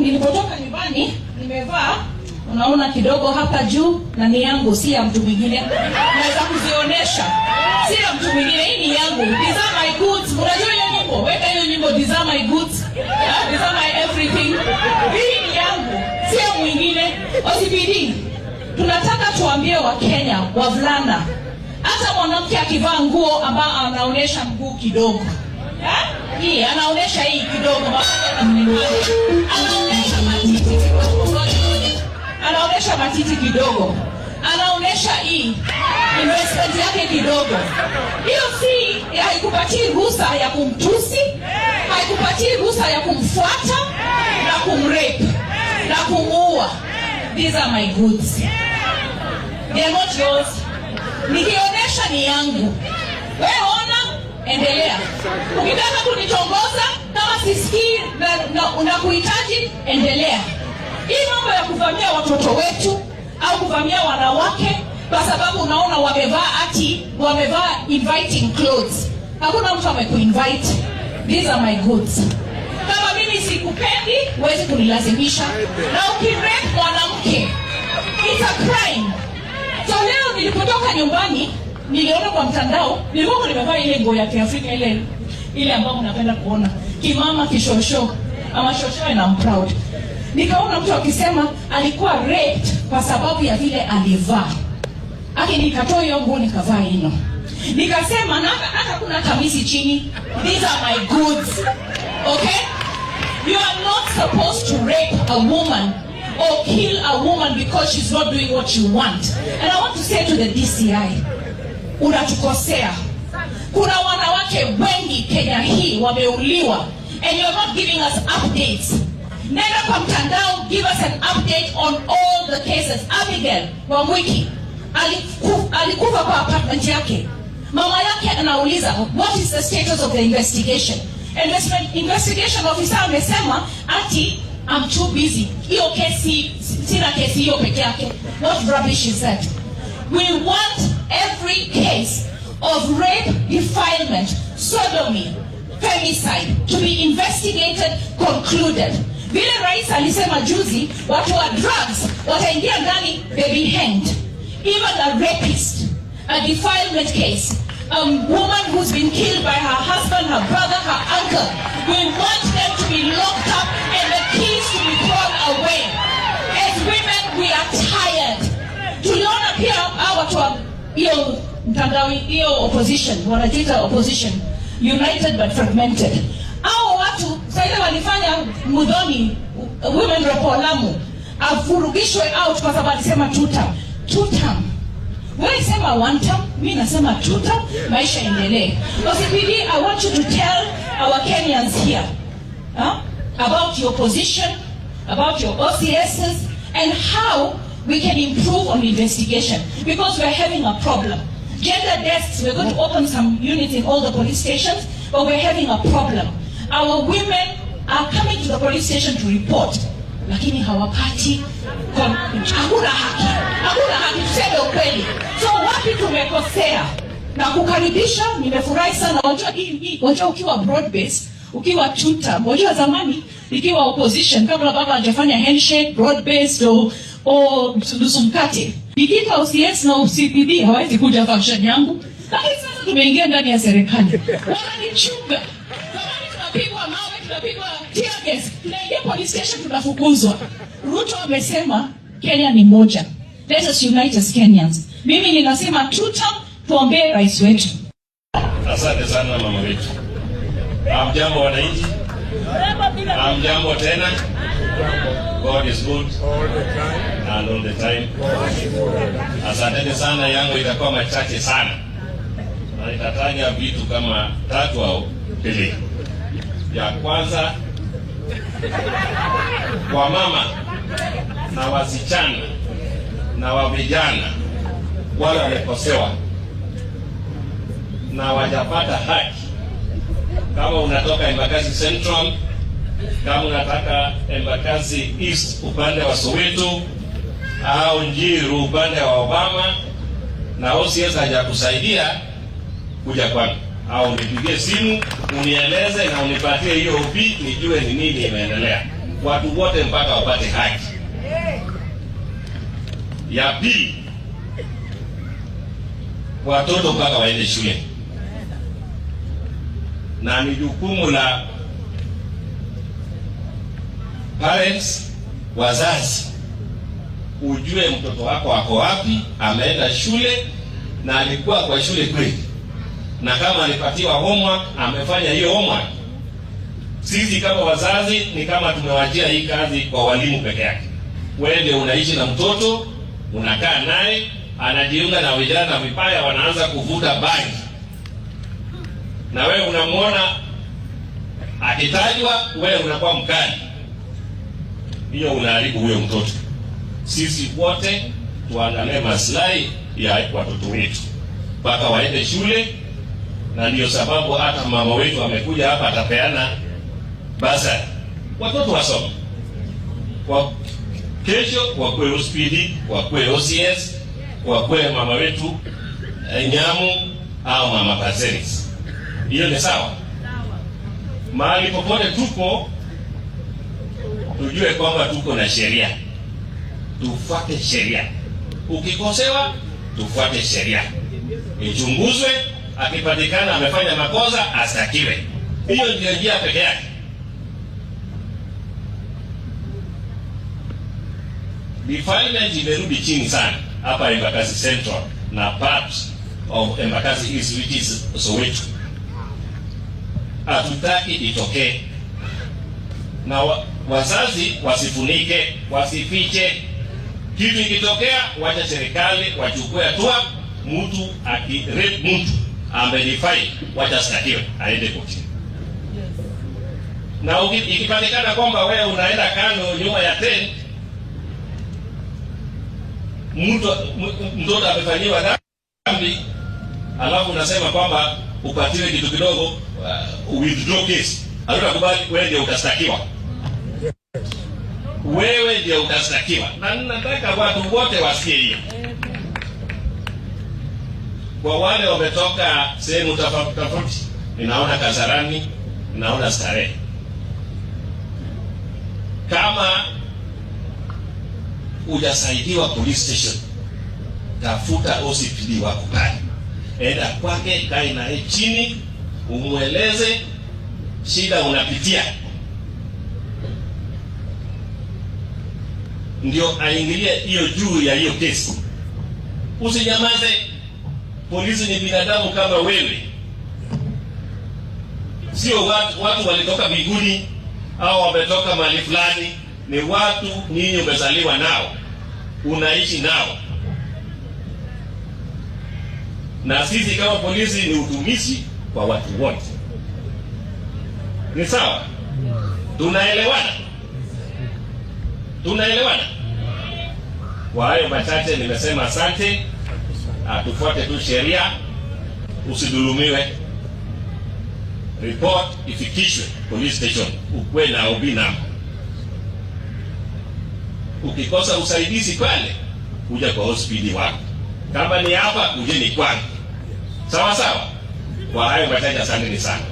nilipotoka nyumbani nimevaa unaona kidogo hapa juu na ni yangu, si ya mtu mwingine. Naweza kuzionyesha, si ya mtu mwingine, hii ni yangu. These are my goods. Unajua hiyo nyimbo, weka hiyo nyimbo, these are my goods, these are my everything. Hii ni yangu, si ya mwingine. OCPD tunataka tuambie Wakenya, wavulana, hata mwanamke akivaa nguo ambayo anaonyesha mguu kidogo, yeah? hii anaonesha hii kidogo, anaonesha matiti kidogo, anaonesha hii investment yake kidogo. Hiyo si haikupatii ruhusa ya kumtusi, haikupatii ruhusa ya kumfuata na kumrape na kumuua. These are my goods, they are not yours. Nikionyesha ni yangu wewe endelea. Ukitaka kunitongoza kama sisikii na kuhitaji, endelea. Hii mambo ya kuvamia watoto wetu au kuvamia wanawake kwa sababu unaona wamevaa ati wamevaa inviting clothes. Hakuna mtu amekuinvite. These are my goods. Kama mimi sikupendi, huwezi kunilazimisha. Na ukirep mwanamke, it's a crime. So leo nilipotoka nyumbani Niliona kwa mtandao, nilikuwa nimevaa ile nguo ya Kiafrika ile ile ambayo mnapenda kuona. Kimama kishosho ama shosho na proud. Nikaona mtu akisema alikuwa raped kwa sababu ya vile alivaa. Aki nikatoa hiyo nguo nikavaa hino. Nikasema na hata kuna kamisi chini. These are my goods. Okay? You are not supposed to rape a woman or kill a woman because she's not doing what you want. And I want to say to the DCI unatukosea. Kuna wanawake wengi Kenya hii wameuliwa, and you are not giving us updates. Nenda kwa mtandao, give us an update on all the cases. Abigail Wamwiki alikufa kwa apartment yake, mama yake anauliza what is the status of the investigation. Investment, investigation officer amesema ati I'm too busy. Hiyo kesi sina kesi hiyo peke yake. What rubbish is that? We want every case of rape, defilement, sodomy, femicide to be investigated, concluded. Vile rais alisema juzi, watu wa drugs wataingia ndani, they be hanged. Even a rapist, a defilement case, a woman who's been killed by her husband, her brother, her uncle, we want them to be locked up Tangawi hiyo opposition wanajiita opposition united but fragmented. Hao watu sasa ile walifanya Mudhoni women rep Lamu afurugishwe out kwa sababu alisema tuta tuta wewe sema one term, mimi nasema two term, maisha endelee. OCPD, I want you to tell our Kenyans here huh, about your position, about your OCSs and how we can improve on investigation because we're having a problem. Gender desks, we're going to open some units in all the police stations, but we're having a problem. Our women are coming to the police station to report, lakini hawapati hakuna haki, hakuna haki, tuseme ukweli. So wapi tumekosea? Na kukaribisha, nimefurahi sana. Wajua ukiwa broad base, ukiwa tuta, wajua zamani ikiwa opposition kabla baba hajafanya handshake broad based au au nusu mkate. Ikika OCS na OCPD hawezi kuja function yangu, lakini sasa tumeingia ndani ya serikali wananichunga tunapigwa mawe, tunapigwa tear gas, tunaingia police station, tunafukuzwa. Ruto amesema Kenya ni moja, let us unite as Kenyans. Mimi ninasema tuta tuombee rais wetu. Asante sana mama wetu. Amjambo wananchi amjambo tena. God is good all the time and all the time. Asanteni sana, yangu itakuwa machache sana na itataja vitu kama tatu au pili. Ya kwanza kwa mama na wasichana na wavijana wale wamekosewa na wajapata haki kama unatoka Embakasi Central, kama unataka Embakasi East upande wa Soweto au Njiru upande wa Obama na OCS hajakusaidia kuja kwangu au nipigie simu unieleze na unipatie hiyo OP nijue ni nini imeendelea. Watu wote mpaka wapate haki. Ya pili, watoto mpaka waende shule na ni jukumu la parents, wazazi, ujue mtoto wako ako wapi, ameenda shule na alikuwa kwa shule kweli, na kama alipatiwa homework amefanya hiyo homework. Sisi kama wazazi ni kama tumewachia hii kazi kwa walimu peke yake. Wewe unaishi na mtoto, unakaa naye, anajiunga na vijana vibaya, wanaanza kuvuta bangi na wewe unamwona akitajwa, wewe unakuwa mkali, hiyo unaharibu huyo mtoto. Sisi wote tuangalie maslahi ya watoto wetu mpaka waende shule, na ndiyo sababu hata mama wetu amekuja hapa, atapeana basa watoto wasome kwa kesho, wakwe hospidi, wakwe OCS, wakwe mama wetu eh, Nyamu au mama Paseris hiyo ni sawa. Mahali popote tuko, tujue kwamba tuko na sheria, tufuate sheria. Ukikosewa, tufuate sheria, ichunguzwe. Akipatikana amefanya makosa, astakiwe. Hiyo ndio njia pekee yake. Defilement imerudi chini sana hapa Embakasi Central na part of Embakasi East which is Soweto hatutaki itokee, na wa, wazazi wasifunike, wasifiche kitu. Ikitokea wacha serikali wachukue hatua, mtu akire mtu amenifai, wacha stakiwe aende kotini na ikipatikana kwamba wewe unaenda kando nyuma ya ten, mtu mtoto amefanyiwa dhambi, alafu unasema kwamba upatiwe kitu kidogo, uh, withdraw case. Hatutakubali, wewe ndio utastakiwa, wewe ndio utastakiwa, na ninataka watu wote wasikie hiyo. Kwa wale wametoka sehemu tofauti tofauti, ninaona Kasarani, ninaona Starehe, kama hujasaidiwa police station, tafuta OCPD wako pale enda kwake, kae naye chini, umweleze shida unapitia, ndio aingilie hiyo juu ya hiyo kesi. Usinyamaze, polisi ni binadamu kama wewe, sio watu, watu walitoka mbinguni au wametoka mahali fulani. Ni watu ninyi, umezaliwa nao, unaishi nao na sisi kama polisi ni utumishi kwa watu wote. Ni sawa? Tunaelewana? Tunaelewana? Kwa hayo machache nimesema, asante. Atufuate tu sheria, usidhulumiwe. Report ifikishwe police station, ukwe na OB namba. Ukikosa usaidizi pale, kuja kwa hospidi wako. Kama ni hapa, uje kwani. Sawa sawa. Kwa hayo mataja, asanteni sana.